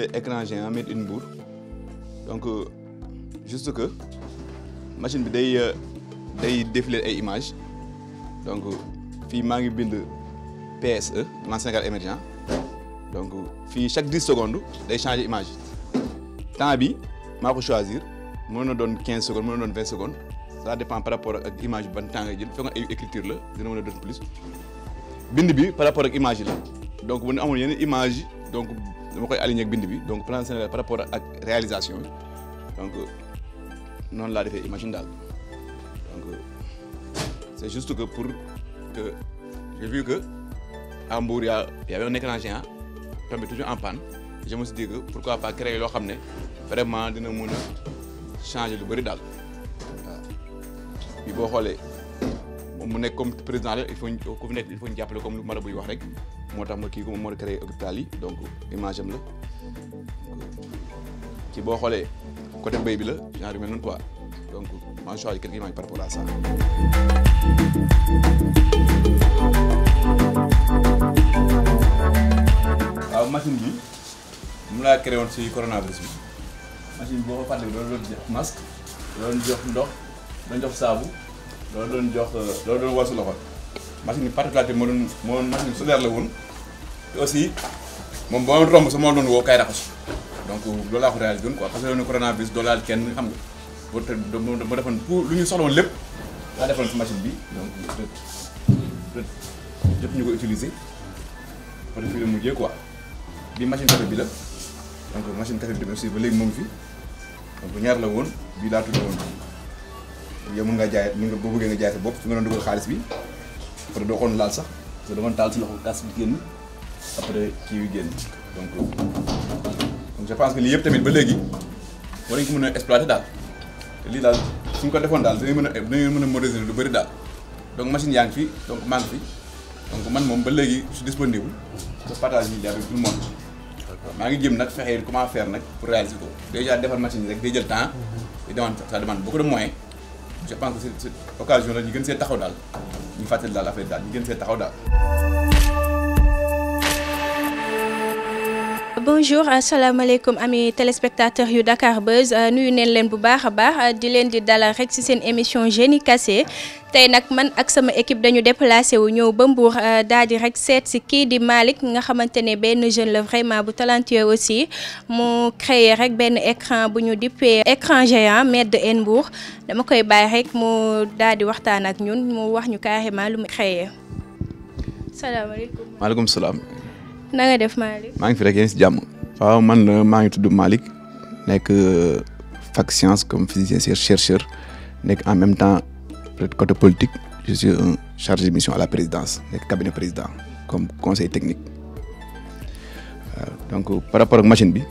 joué écran géant made donc euh, juste que machine bi day euh, day défiler ay images donc euh, fii maa ngi bind PSE plan Sénégal émergent donc fii chaque dix secondes day changer image temps bi maa ko choisir mën na doon quinze secondes mën na doon vingt secondes ça dépend par rapport ak image ban temps ngay jël fekkoon ay écriture la dina mën a plus bind bi par rapport ak image yi la donc bu ñu amoon image donc dama koy aligné ak bind bi donc plan Sénégal par rapport ak réalisation bi donc noonu laa defee imagine daal donc c' juste que pour que j'ai vu que à Mbour y' a y' avait un écran géant tombé toujours en panne je me suis dit que pourquoi pas créer loo xam ne vraiment dina mën a changer lu bëri daal waaw bi boo xoolee mu nekk comme président la il faut ku fi comme lu mala buy wax rek. moo tax ma kii ko moom moo créé hôpital yi donc image la ci boo xoolee côté mbéy bi la genre yu mel noonu donc maa ngi choisi quelques images par machine bi mu laa créé woon si coronavirus bi machine boo ko fàttali loolu doon jox masque loolu ndox doon jox saabu loolu doon jox euh, loolu doon wasu loxo. machine bi particularité moo doon moo doon machine solaire la woon aussi moom boo doon romb sa moo doon woo kay raxasu donc loolu laa ko réalisé doo laal kenn xam nga boo te ma defoon pour lu ñu soxla woon lépp laa defoon si machine bi donc peut ñu ko utiliser peut être fii bi machine café bi la donc machine café bi ba léegi moom fi donc ñaar la woon bii laa tudd woon yow mën ngaa jaay mën nga boo bëggee nga jaay sa bopp su nga doon dugal xaalis bi. après doo koon laal sax parce que taal si loxo tas bi génn après kii bi euh, je pense que lii yëpp tamit ba léegi war nañ ko mën a exploiter daal te lii daal suñ ko defoon daal dinañ mën a dinañ mën a moderniser lu bëri daal donc machine yaa ngi fi donc maa ngi fi donc man moom ba léegi su suis disponible pour partager yi avec tout le maa ngi jëm nag fexe comment faire nag pour réaliser ko déjà defar machine yi rek day jël temps. Mhm. day demande ça demande beaucoup de moyens je pense que c'est occasion la ñu gën see taxaw daal. ñu fàttali daal affaire daal ñu gën see taxaw daal bonjour asalaamaaleykum ami téléspectateurs yu Dakar Buzz euh, nuyu neen leen bu baax a baax di leen di dalal rek ci seen émission Génie Kassé tey nag man ak sama équipe dañu déplacé wu ñëw ba Mbour euh, daal di rek seet si kii di Malick nga xamante ne benn jeune la vraiment bu talentueux aussi mu créé rek benn écran bu ñu dippee écran géant maître en Mbour dama koy bàyyi rek mu daal di waxtaan ak ñun mu wax ñu carrément lu mu créé. salaamaaleykum maaleykum salaam. def Malick. maa ngi fi rek jàmm. waaw man euh, maa ngi tudd Malick nekk euh, fac science comme physicien chercheur nekk en même temps peut-être côté politique je suis un mission à la présidence nekk cabinet président comme conseil technique donc euh, par rapport ak machine bi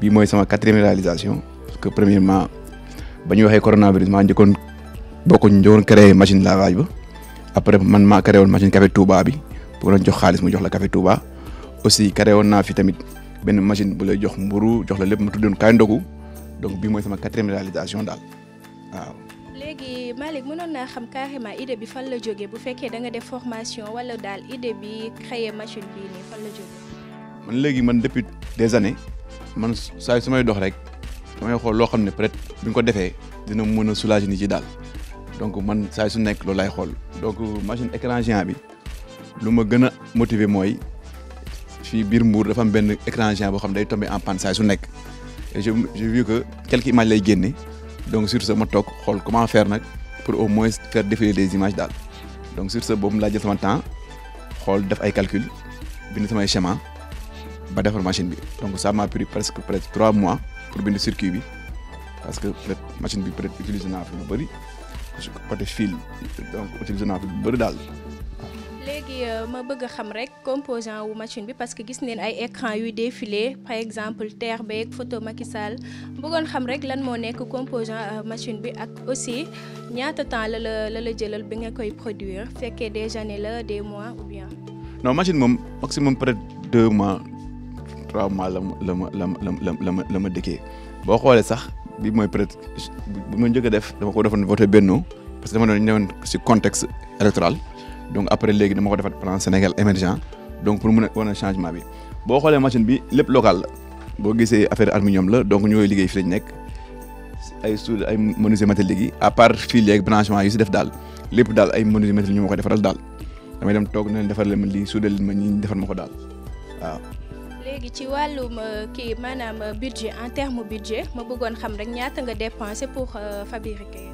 bii mooy sama quatrième réalisation parce que premièrement ba ñu waxee coronavirus maa njëkkoon bokkuñ njëkkoon créé machine lavage ba après man maa créé woon machine café Touba bi pour doon jox xaalis mu jox la café Touba. aussi créé woon naa fi tamit benn machine bu lay jox mburu jox la lépp mu tuddoon kaay ndogu donc bii mooy sama quatrième réalisation daal waaw. léegi Malick mënoon fekkee da def formation wala daal idée man léegi man depuis des années man saa sumay dox rek damay xool loo xam ne peut-être bi ñu ko defee dina mën a soulager nit yi daal donc man saa su nekk loolu laay xool donc machine écran géant bi lu ma gën a motiver mooy fii biir Mbour defa am benn écran boo xam day tombé en panne saa su nekk et je j'ai vu que quelques images lay génne donc sur ce ma toog xool comment faire nag pour au moins faire défiler des images daal donc sur boobu laa jël sama temps xool def ay calcul bind samay schéma ba defar machine bi donc ça m'a pris presque presque trois mois pour bind circuit bi parce que peut machine bi peut-être utilisé naa fi lu bëri côté fil donc utilisé naa fi lu bëri daal. léegi euh, ma bëgg a xam rek composant wu machine bi parce que gis neen ay écran yuy défilé par exemple terre beeg photo Macky Sall bëggoon xam rek lan moo nekk composant euh, machine bi ak aussi ñaata temps la la la la jëlal bi nga koy produire fekkee des années la des mois ou bien. non machine moom maximum peut être deux mois trois mois la ma la ma la ma la ma dëkkee boo xoolee sax bi mooy peut être bu ma njëkk def dama ko defoon voté benno parce que dama doon ñëwoon si contexte électoral. donc après léegi dama ko defat plan Sénégal émergent donc pour mun bi boo xoolee machine bi lépp local la boo gisee affaire aluminium la donc ñooy liggéey fi lañ nekk ay suul ay menuisier métallique yi à part fil yeeg branchement yi si def daal lépp daal ay menuisier métallique ñu ma koy defaral daal damay dem toog na defar leen lii suudal ma ñi defar ko daal ci wàllum euh, kii maanaam euh, budget en terme budget ma bëggoon xam rek ñaata nga dépensé pour euh, fabriquer.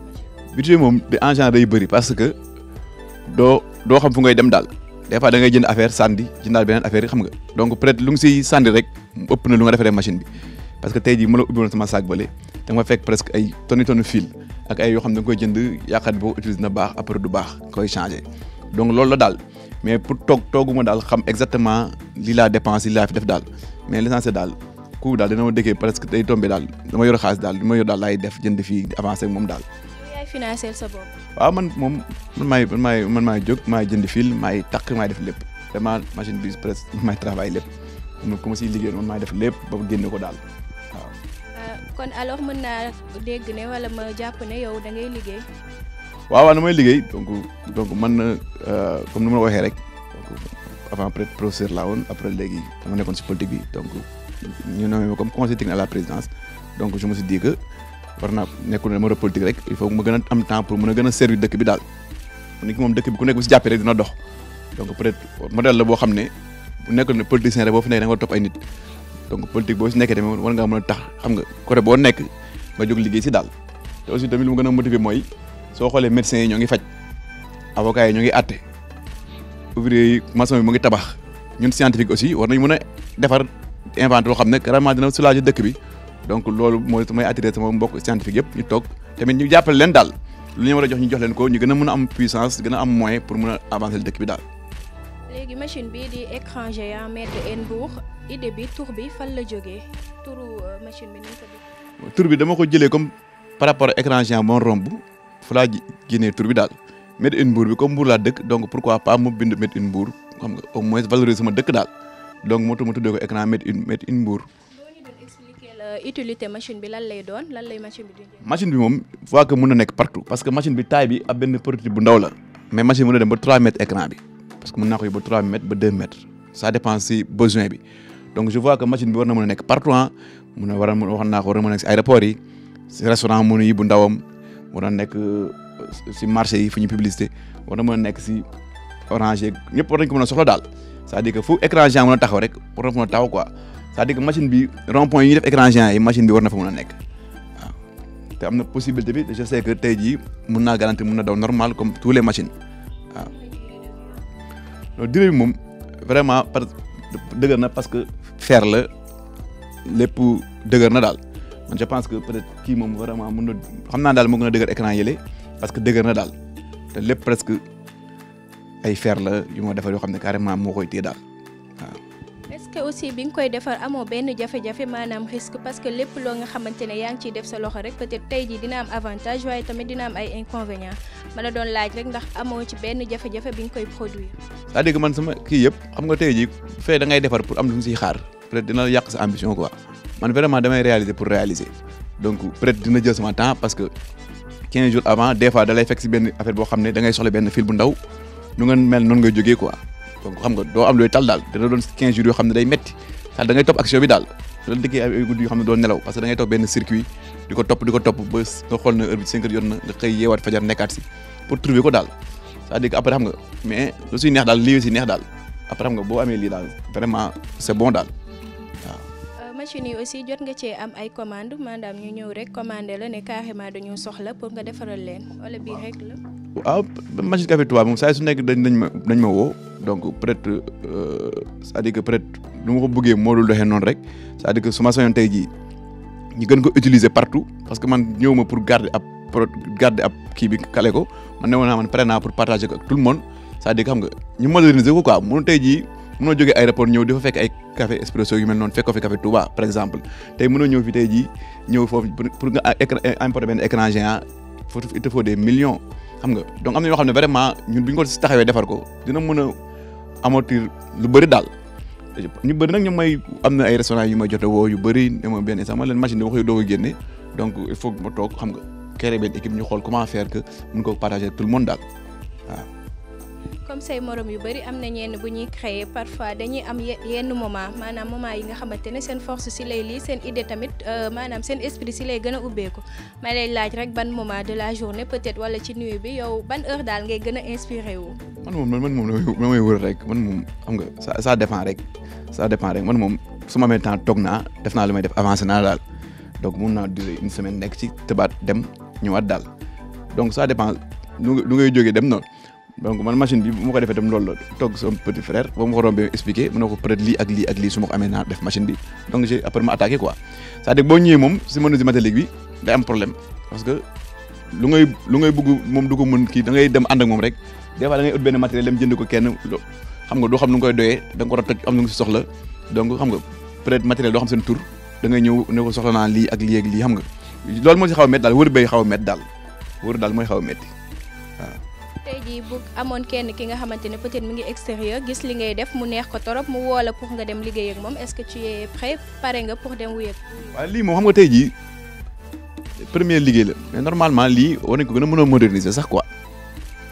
budget moom en genre day bëri parce que. doo doo xam fu ngay dem daal des fois da ngay jënd affaire sànni jëndaal beneen affaire yi xam nga donc peut être lu nga siy sànni rek ëpp na lu nga defaree machine bi parce que tey jii mu la ubbiwoon sama saag bële da nga fekk presque ay tonni tonne fil ak ay yoo xam ne da nga koy baax après du baax koy changé donc loolu la daal mais pour toog tooguma daal xam exactement li laa dépense li laa fi def daal mais l'essentiel daal ku daal dina ma dëkkee presque day tombé daal dama yor xaalis daal li ma yor daal laay def jënd fii avancé moom daal financer sa bopp. waaw man moom man maay man maay man maay jóg maay jënd fil maay takk maay def lépp vraiment machine bi presque maay travail lépp man ku ma siy liggéey man def lépp ba génne ko daal waaw. Euh, kon alors mën na dégg ne wala ma jàpp ne yow da ngay liggéey. waaw waaw na may liggéey donc donc man euh, comme ni ma la waxee rek donc avant peut être professeur woon après léegi dama nekkoon si politique bi donc ñu nommé la présidence donc je me suis war naa nekkul ne dama doon politique rek il faut ma gën a am temps pour mën a gën a servir dëkk bi daal nit ki moom nekk bu si jàppee rek dina dox donc boo xam ne bu nekkul ne politicien rek boo fi nekk nit donc politique boo si nekkee tamit war ngaa a tax xam nga côté boo nekk nga jóg liggéey si daal te aussi tamit lu mu gën a motiver mooy soo xoolee médecins yi ñoo ngi faj avocats yi ñoo ngi àtte ouvrier yi maçon yi mu ngi tabax ñun scientifique aussi war nañ mën a defar inventer loo xam ne carrément dina soulager dëkk bi donc loolu mooy mooy attiré sama mbokk scientifique yëpp ñu toog tamit ñu jàppale leen daal lu ñu war a jox ñu jox leen ko ñu gën a mën a am puissance gën a am moyen pour mën a avancer dëkk bi daal. léegi machine bi di écran bi tur bi fan la jógee turu euh, bi dama ko jëlee comme par rapport a écran géant bon romb fu laa génnee tur bi daal maître Henbourg bi comme Mbour laa dëkk donc pourquoi pas mu bind maître Henbourg xam nga au moins valoriser sama dëkk daal donc moo tax ma tuddee ko écran maître Henbourg Euh, utilité machine bi lan lay doon lan lay machine bi di machine bi moom fois que mun na nekk partout parce que machine bi taille bi ab benn prototype bu ndaw la mais machine bi mun na dem ba 3 mètres écran bi parce que mun naa ko yóbbu ba mètres ba 2 mètres ça dépend si besoin bi donc je vois que machine bi war na nekk partout ah mun a war a na nekk si aéroport yi si restaurant munu yi bu ndawam war nekk euh, si marché yi fu ñu publicité war na nekk si orange yeeg ñëpp war nañ ko mën a soxla daal c'est-à-dire taxaw rek war na mën quoi c'est-à-dire que machine bi rond point yi ñuy def écran géant machine bi war na fa mën a nekk te am na possibilité bi je sais que tey jii mun naa garantir mun na daw normal comme tous les machines waaw loolu bi moom vraiment par dëgër na parce que fer la lépp dëgër na daal man je pense que peut-être kii moom vraiment mun na xam naa daal moo a dëgër écran yële que dëgër na daal te lépp presque ay fer la yu ma defar yoo xam ne carrément moo koy téye daal. est-ce que aussi bi nga koy defar amoo benn jafe-jafe maanaam risque parce que lépp a nga xamante ne yaa ngi ciy def sa loxo rek peut-être tey jii dina am avantage waaye tamit dina am ay inconvénients ma la doon laaj rek ndax amoo ci benn jafe-jafe bi nga koy produire. c'est-à-dire man sama kii yëpp xam nga tey jii fee da ngay defar pour am lu mu siy xaar peut-être dina yàq sa ambition quoi man vraiment damay réaliser pour réaliser donc peut dina jël sama temps parce que 15 jours avant des fois da lay fekk boo xam ne da ngay soxla benn fil bu ndaw nga mel noonu donc xam nga doo am looy tal daal te doo doon 15 jours yoo xam ne day metti daal da ngay topp action bi daal ne doo nelaw parce que da ngay topp benn circuit di ko topp di ko xool na heure bi na nga xëy fajar nekkaat si pour trouver ko daal cest à après xam nga mais lu neex daal lii si neex daal après xam nga boo amee lii daal vraiment c'est bon daal États-Unis aussi jot nga cee am ay commande maanaam ñu ñëw rek commandé la ne carrément dañoo soxla pour nga defaral leen wala bii rek la. waaw machine café tubaab moom saa su ma dañ ma woo donc peut-être euh, c'est-à-dire que peut-être ko bëggee moo dul noonu rek cest que su ma tey jii ñu gën ko utiliser partout parce que man ñëw ma pour garder ab pro garder kii bi kale ko man ne woon naa man pare pour partager ko ak tout le xam nga ñu moderniser ko quoi mënu tey jii. mënoo jógee aéroport ñëw di fa fekk ay café espresso yu mel noonu fekk ko fi café Touba par exemple tey mënoo ñëw fi tey jii ñëw pour nga importer benn écran géant il te faut des millions xam nga donc yoo xam ne vraiment ñun bu ñu ko taxawee defar ko dina mën a amortir lu bëri daal ñu bëri nag ñoom may am na ay restaurant yu may jote woo yu bëri ne ma benn instant ma leen machine dama koy doog a génne donc toog xam nga créer benn équipe ñu xool comment faire que mun ko partager tout le monde daal waaw comme say morom yu bëri am na ñenn bu ñuy créer parfois dañuy am yenn moment maanaam moment yi nga xamante ne seen force si lay lii seen idée tamit euh, maanaam seen esprit si lay gën a ubbeeku ma lay laaj rek ban moment de la journée peut-être wala ci nuit bi yow ban heure daal ngay gën a inspiré wu. man moom man moom damay wër rek man moom xam nga ça ça dépend rek ça dépend rek man mom su ma amee temps toog naa def naa lu may def avancé naa daal donc mun naa durer une semaine nekk ci tëbaat dem ñëwaat daal donc ça dépend lu ngay jógee dem noonu. donc man machine bi bu ma ko defee tam loolu la toog sama petit frère ba ma ko rombee expliqué mu ne ko peut être lii ak lii def machine bi donc j'ai après ma attaqué quoi cest boo ñëwee moom si menuisier métallique bi day am problème parce que lu bëgg moom du ko mën kii da ngay dem ànd ak moom rek des fois da ngay jënd ko kenn xam nga doo xam nu nga koy doyee da nga ko war a am nga si soxla donc xam nga peut être doo xam seen tur da ngay ñëw ne ko soxla naa lii ak lii ak lii xam nga loolu moo si xaw a métti daal wër bay xaw a métti daal wër daal mooy xaw a métti tey jii bu amoon kenn ki nga xamante ne peut-être mu ngi extérieur gis li ngay def mu neex ko torop mu woo la nga dem liggéey ak moom est-ce que tu es prêt pare nga pour dem wuyeeg. waaw lii moom xam nga tey jii première liggéey la mais normalement li war nañ ko gën a mën a moderniser sax quoi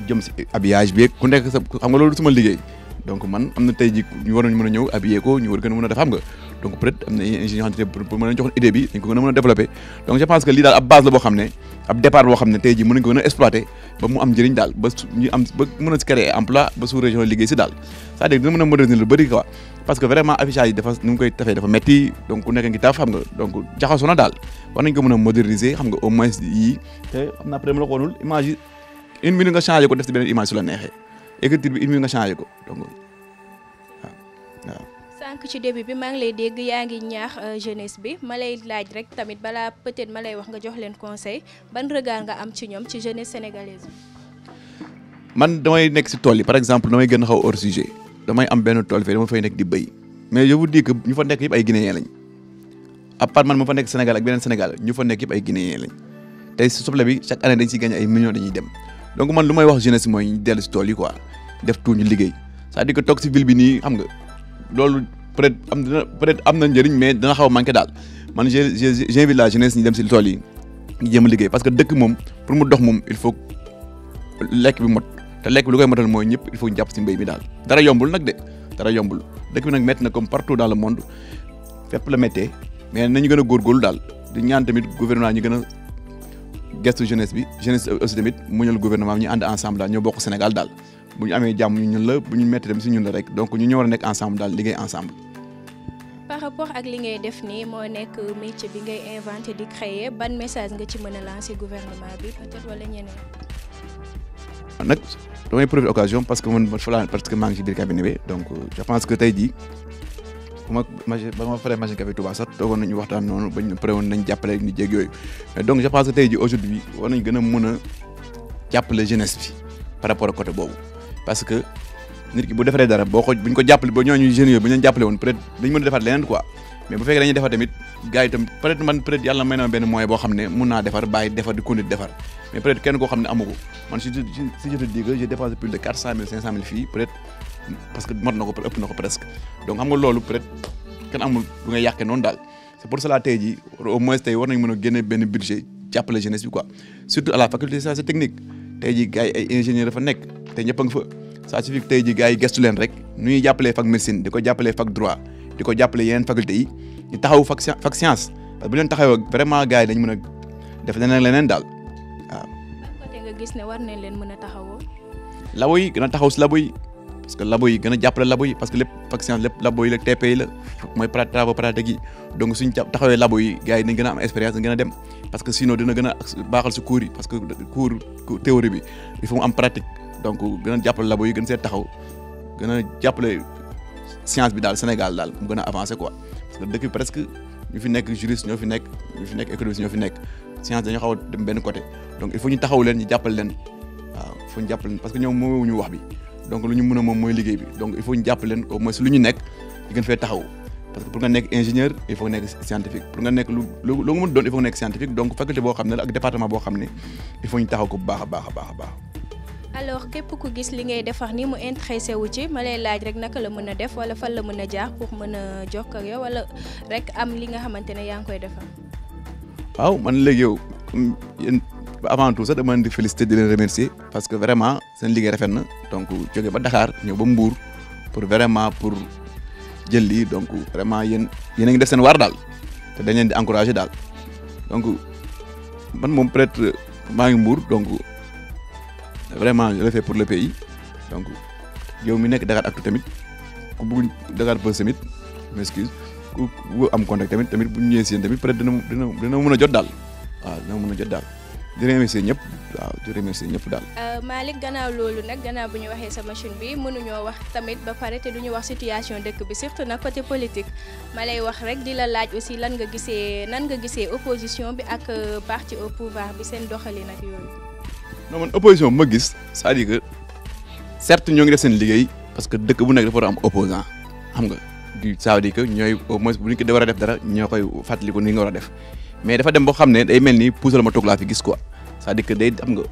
jëm si habillage bi ku nekk sa xam nga loolu suma liggéey donc man am na tey jii ñu waroon mën a ñëw habillé ko ñu war gën a mun a def xam nga. donc peut être am na ay ingénieurs yoo xam ne pour mën a jox idée bi dañ a mën a développé donc je pense que lii daal ab base la boo xam ne ab départ boo xam ne tey jii mën nañ ko gën a exploité ba mu a si région liggéey si daal c'est-à-dire dina mën a moderniser lu bëri quoi parce que vraiment affichage yi ni metti donc ku nekk xam nga donc jaxasoo na daal war nañ ko a moderniser xam nga au moins yii te xam naa après la ko image yi une minute nga changé ko def si beneen image su la sànq ci début bi maa ngi euh, tamit balaa peut-être ma lay nga jox leen conseil ban regard nga am ci ñoom ci man damay nekk si tool yi par exemple damay gën a xaw hors sujet damay am benn tool fee dama fay nekk di béy mais je vous ñu fa nekk yëpp ay guinéen lañ à man ma fa nekk Sénégal ak benn Sénégal ñu fa nekk yëpp ay guinéen lañ tey si soble bi chaque année dañ ci gagné ay millions dañuy dem donc man lu may wax jeunesse mooy ñu dellu si tool yi quoi def tuuti ñu liggéey cest à toog si ville bi nii xam nga loolu peut-être am dina peut am na njëriñ mais dana xaw a manqué daal man j' ai j' invite la jeunesse ñu dem si tool yi ñu jéem a liggéey parce que dëkk moom pour mu dox moom il faut lekk bi mot te lekk bi lu koy motal mooy ñëpp il faut jàpp si mbéy mi daal dara yombul nag de dara yombul dëkk bi nag métti na comme partout dans le monde fépp la méttee mais nañu gën a góorgóorlu daal di ñaan tamit gouvernement ñu gën a gestu jeunesse bi jeunesse aussi tamit muñal gouvernement ñu ànd ensemble daal ñoo bokk Sénégal daal bu ñu amee jàmm ñu ñun la a nekk par rapport ak li ngay def nii moo nekk métier bi ngay inventé di créer ban message nga ci mën a lancer gouvernement bi peut-être wala ñeneen. nag damay profiter occasion parce que man parce que maa ngi ci biir cabinet bi donc je pense que tey jii bu ma maje ba ma paree machine café Touba sax toogoon nañu waxtaan noonu bañ ñu pare woon nañ jàppale ni jéeg yooyu donc je pense que tey jii aujourd'hui war nañ gën a mën a jàppale jeunesse bi par rapport ak côté boobu parce que. nit ki bu defaree dara boo ko ko jàppale ba ñooñu jeunes yooyu bu ñu leen woon peut être dañ mën a defaat leneen quoi mais bu fekkee dañuy defar tamit gars yi tam peut defar mais peut être kenn xam ne amu man si si je a génne benn budget jàppale jeunesse bi quoi surtout à la faculté des sciences tey jii gars yi nekk te ñëpp fa ça suffit que tey jii gars yi gestu leen rek nu ñuy jàppalee fac médecine di ko jàppalee fac droit di ko jàppale yeneen faculté yi ñu taxaw fac fac science parce bu leen taxawoo vraiment gars yi dañ mën a def leneen leneen daal waaw. côté ne war leen mën a taxawoo. labo yi gën a taxaw si labo yi parce que labo yi a jàppale yi parce que lépp fac science lépp labo yi la TP la mooy travaux pratiques yi donc suñ labo yi gars yi dañ gën a am expérience dañ dem parce que sinon dina gën a baaxal si cours yi parce que cours théorie bi il faut mu pratique. donc gën a jàppale labo booy gën see taxaw gën jàppale science bi daal Sénégal daal mu gën a ko quoi parce que dëkk fi nekk juriste ñoo fi nekk ñu fi nekk économiste ñoo nekk science dañoo xaw a dem benn côté il faut ñu taxaw leen ñu jàppale leen waaw il faut parce que ñoom moomewuñu wax bi donc lu ñu mën a moom mooy liggéey bi donc il faut ñu jàppale leen au moins lu ñu nekk ñu gën fee taxaw parce que pour nga nekk ingénieur il faut nekk scientifique pour nga nekk lu lu lu mu doon il faut donc faculté boo xam ne la ak département boo xam ne il faut ñu taxaw bu baax baax a baax a baax alors képp ku gis li ngay defar ni mu intéressé wu ci ma lay laaj rek naka la mën a def wala fan la mën a jaar pour mën a jox ak yow wala rek am li nga xamante ne yaa ngi koy defar. waaw man léegi yow yéen avant tout sax dama leen di féliciter di remercier parce que vraiment seen liggéey rafet na donc joge ba Dakar ñëw ba Mbour pour vraiment pour jël lii donc vraiment yéen yéen a ngi def seen waar daal te dañ leen di encourager daal donc man moom peut-être mbuur ngi donc. vraiment je le pour le pays donc yow mi nekk Dakaractu tamit ku bëgg Dakar Buzz tamit m'excuse ku am contact tamit tamit bu ñu ñëwee si yéen tamit peut être dina mën a jot daal waaw dina mën a jot daal di remercier ñëpp waaw di remercier ñëpp daal. Euh, Malick gannaaw loolu nag gannaaw bu ñu waxee sa machine bi mënuñoo wax tamit ba pare te duñu wax situation dëkk bi surtout nag côté politique ma lay wax rek di la laaj aussi lan nga gisee nan nga gisee opposition bi ak euh, parti au pouvoir bi seen doxalin ak yooyu. non man opposition ma gis cest à que certes ñoo ngi def seen liggéey parce que dëkk bu nekk dafa war a am opposant xam nga du ça veut que ñooy au moins bu ñu ko war a def dara ñoo koy fàttaliku ni nga war a def mais dafa dem boo xam ne day mel ni puusal ma toog laa fi gis quoi cest di que day am nga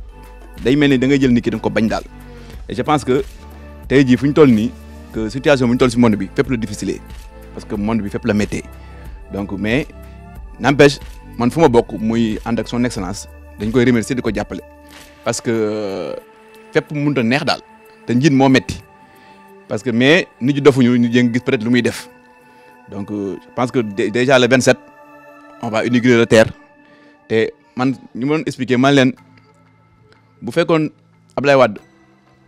day mel ni da ngay jël ni ki ko bañ daal et je pense que tey jii fu ñu toll nii que situation bu ñu toll si monde bi fépp la difficile parce que monde bi fépp la méttee donc mais n'empêche man fu ma bokk muy ànd ak son excellence dañ koy remercier di ko jàppale parce que fépp mënut a neex daal te njiit moo metti parce que mais ni ñi defuñu ñu jéem gis peut-être lu muy def donc euh, je pense que déjà le 27 on va inaugurer le TER te man ñu ma doon expliquer man leen bu fekkoon Ablaye Wade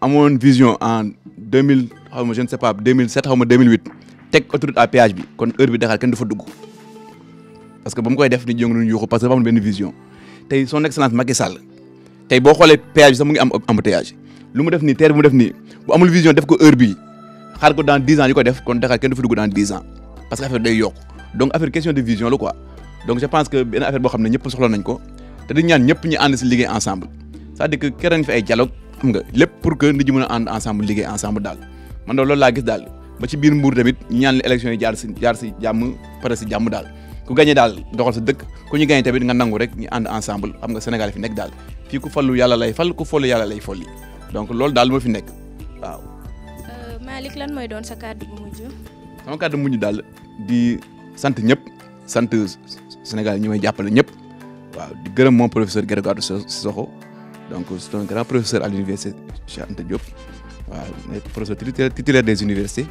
amoon vision en 2000 xaw ma je ne sais teg autoroute à péage bi kon heure bi Dakar kenn du fa dugg parce que ba mu koy def nit ñi yëngu yuuxu parce que dafa am benn vision tey son excellence Macky Sall. tey boo xoolee péage bi sax mu ngi am embouteillage lu mu def nii terre bi mu def nii bu amul vision def ko heure bii xaar ko dans dix ans ñu ko def kon Dakar kenn du fi dugg dans dix ans parce que affaire day yokk donc affaire question de vision la quoi donc je pense que benn affaire boo xam ne ñëpp soxla nañ ko te di ñaan ñëpp ñu ànd si liggéey ensemble cest à que keneen fi ay dialogue xam pour que nit ñi mën a ànd ensemble liggéey ensemble daal man daal loolu laa gis daal ku gagné daal doxal sa dëkk ku ñu gagné tamit nga nangu rek ñu ànd ensemble xam nga Sénégal fi nekk daal fi ku falu yàlla lay fal ku follu yàlla lay folli donc loolu daal moo fi nekk waaw. Euh, Malick lan mooy doon sa kàddu bu mujj. sama kàddu daal di sant ñëpp sant Sénégal ñu may jàppale ñëpp waaw gërëm moom professeur Grégoire Sissoko donc c'est un grand professeur à l'université Cheikh Anta Diop waaw nekk professeur titulaire des universités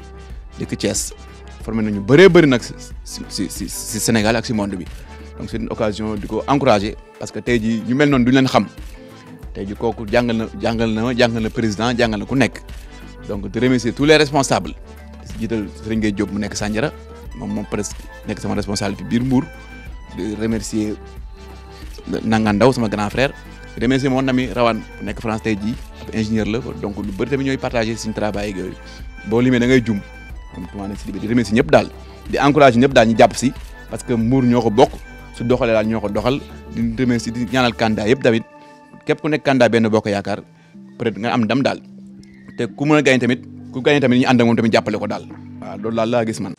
dëkk Thiès. formé ñu bëree bari nag si si si Sénégal ak si monde bi donc c'est une occasion di ko encourager parce que tey jii ñu mel noon duñ leen xam te jii kooku jàngal na jàngal na jàngal président jàngal na ku nekk donc di remercier tous les responsables jiital Serigne Gueye Diop mu nekk Sandiara moom moom presque nekk sama responsable bi biir Mbour di remercier Nanga Ndaw sama grand frère remercier mon ami Rawane nekk France tey jii ab ingénieur la donc lu bëri tamit ñooy partagé suñu travail ak yooyu boo limee da ngay jum kon comment ne di remercier ñëpp daal di encourager ñëpp daal ñu jàpp si parce que muur ñoo ko bokk su doxalee daal ñoo ko doxal di remercier di ñaanal candidat yëpp tamit képp ku nekk candidat benn bokk yaakaar peut être nga am ndam daal te ku mën a gagné tamit ku gagné tamit ñu ànd ak moom tamit jàppale ko daal waaw laal daal laa gis man.